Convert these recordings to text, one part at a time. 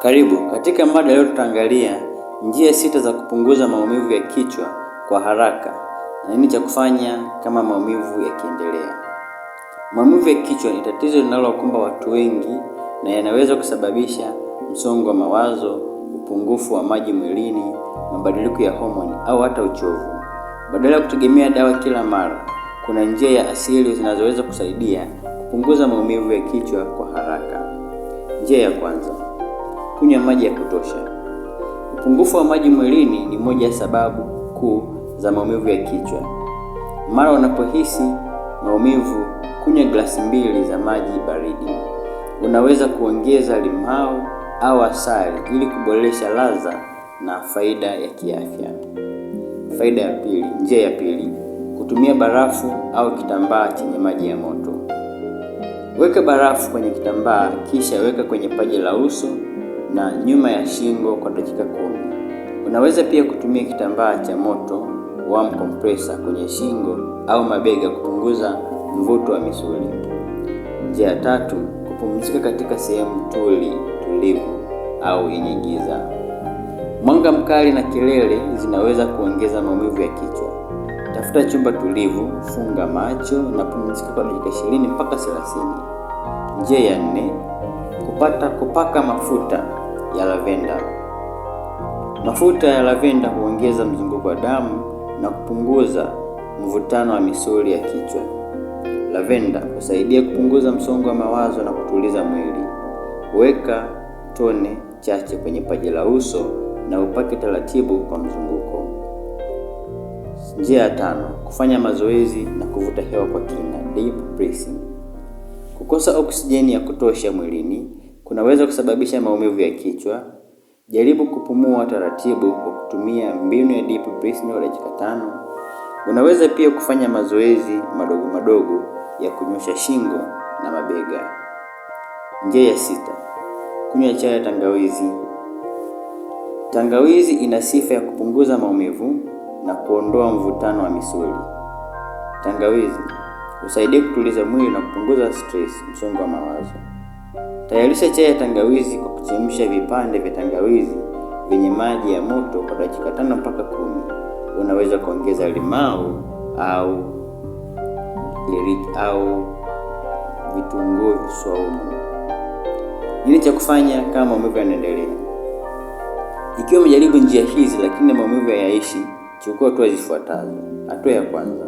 Karibu katika mada leo, tutaangalia njia sita za kupunguza maumivu ya kichwa kwa haraka na nini cha kufanya kama maumivu yakiendelea. Maumivu ya kichwa ni tatizo linalowakumba watu wengi na yanaweza kusababisha msongo wa mawazo, upungufu wa maji mwilini, mabadiliko ya homoni au hata uchovu. Badala ya kutegemea dawa kila mara, kuna njia ya asili zinazoweza kusaidia kupunguza maumivu ya kichwa kwa haraka. Njia ya kwanza kunywa maji ya kutosha. Upungufu wa maji mwilini ni moja ya sababu kuu za maumivu ya kichwa. Mara unapohisi maumivu, kunywa glasi mbili za maji baridi. Unaweza kuongeza limao au asali ili kuboresha ladha na faida ya kiafya. Faida ya pili, njia ya pili, kutumia barafu au kitambaa chenye maji ya moto. Weka barafu kwenye kitambaa, kisha weka kwenye paji la uso na nyuma ya shingo kwa dakika kumi. Unaweza pia kutumia kitambaa cha moto warm compressor kwenye shingo au mabega kupunguza mvuto wa misuli. Njia ya tatu, kupumzika katika sehemu tuli tulivu au yenye giza. Mwanga mkali na kelele zinaweza kuongeza maumivu ya kichwa. Tafuta chumba tulivu, funga macho na pumzika kwa dakika 20 mpaka 30. Njia ya nne kupata kupaka mafuta ya lavenda. Mafuta ya lavenda huongeza mzunguko wa damu na kupunguza mvutano wa misuli ya kichwa. Lavenda husaidia kupunguza msongo wa mawazo na kutuliza mwili. Weka tone chache kwenye paji la uso na upake taratibu kwa mzunguko. Njia ya tano: kufanya mazoezi na kuvuta hewa kwa kina, deep breathing. Kukosa oksijeni ya kutosha mwilini kunaweza kusababisha maumivu ya kichwa. Jaribu kupumua taratibu kwa kutumia mbinu ya deep breathing dakika tano. Unaweza pia kufanya mazoezi madogo madogo ya kunyosha shingo na mabega. Njia ya sita, kunywa chai ya tangawizi. Tangawizi ina sifa ya kupunguza maumivu na kuondoa mvutano wa misuli. Tangawizi husaidia kutuliza mwili na kupunguza stress, msongo wa mawazo. Tayarisha chai ya tangawizi kwa kuchemsha vipande vya tangawizi vyenye maji ya moto kwa dakika tano mpaka kumi. Unaweza kuongeza limau au iliki au vitunguu swaumu. Nini cha kufanya kama maumivu yanaendelea? Ikiwa umejaribu njia hizi lakini maumivu hayaishi, chukua hatua zifuatazo. Hatua ya kwanza,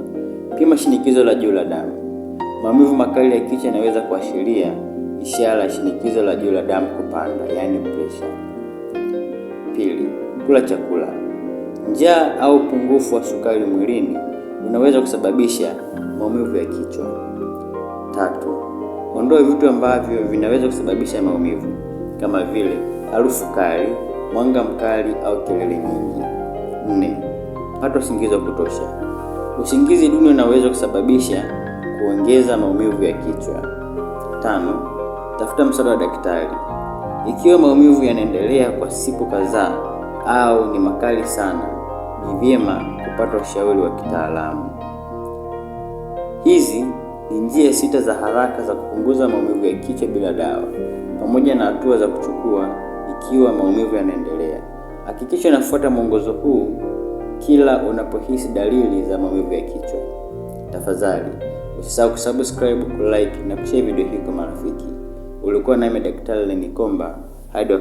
pima shinikizo la juu la damu. Maumivu makali ya kichwa yanaweza kuashiria ishara shinikizo la juu la damu kupanda, yaani pressure. Pili, kula chakula. Njaa au upungufu wa sukari mwilini unaweza kusababisha maumivu ya kichwa. Tatu, ondoe vitu ambavyo vinaweza kusababisha maumivu kama vile harufu kali, mwanga mkali au kelele nyingi. Nne, pata usingizi wa kutosha. Usingizi duni unaweza kusababisha kuongeza maumivu ya kichwa. Tano, tafuta msaada wa daktari. Ikiwa maumivu yanaendelea kwa siku kadhaa au ni makali sana, ni vyema kupata ushauri wa kitaalamu. Hizi ni njia sita za haraka za kupunguza maumivu ya kichwa bila dawa, pamoja na hatua za kuchukua ikiwa maumivu yanaendelea. Hakikisha unafuata mwongozo huu kila unapohisi dalili za maumivu ya kichwa. Tafadhali usisahau kusubscribe, kulike na kushare video hii kwa marafiki. Ulikuwa nami Daktari Lenikomba hadi